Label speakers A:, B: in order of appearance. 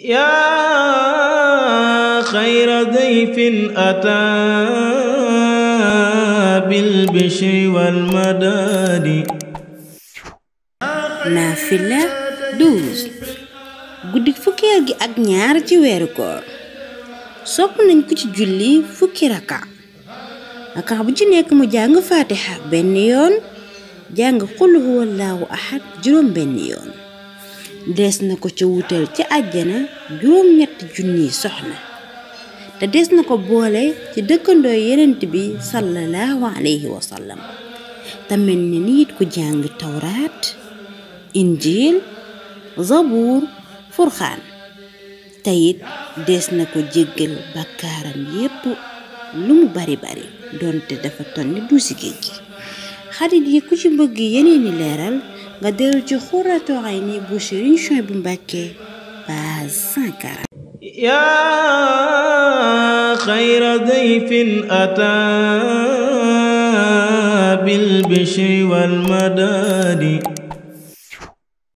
A: yaa xayra dayfin ataa bil bishri wal madadi naafila guddi
B: fukkeel gi ak ñaar ci weeru koor sopp nañ ko ci julli fukki raka raka bu ci nekk mu jàng faatiha benn yoon jàng qul huwallaahu ahad juróom benn yoon dees na ko ca wutal ci àjjana juróom-ñetti junniy soxna te des na ko boole ci dëkkandoo yenent bi sallallahu alayhi wa sallam te mel ni nit ku jàng tawraat injil zabuur furxaan te it des na ko jéggal bakkaaram yépp lu mu bari bari doonte dafa tonni du géej gi xarit yi ku ci bëgg yeneen i leeral nga dellu ci xurratu ayni bu Sëriñ Suhaybu Mbàkke page 140
A: yaa xayra dayfin ataa bil bishri wal madaadi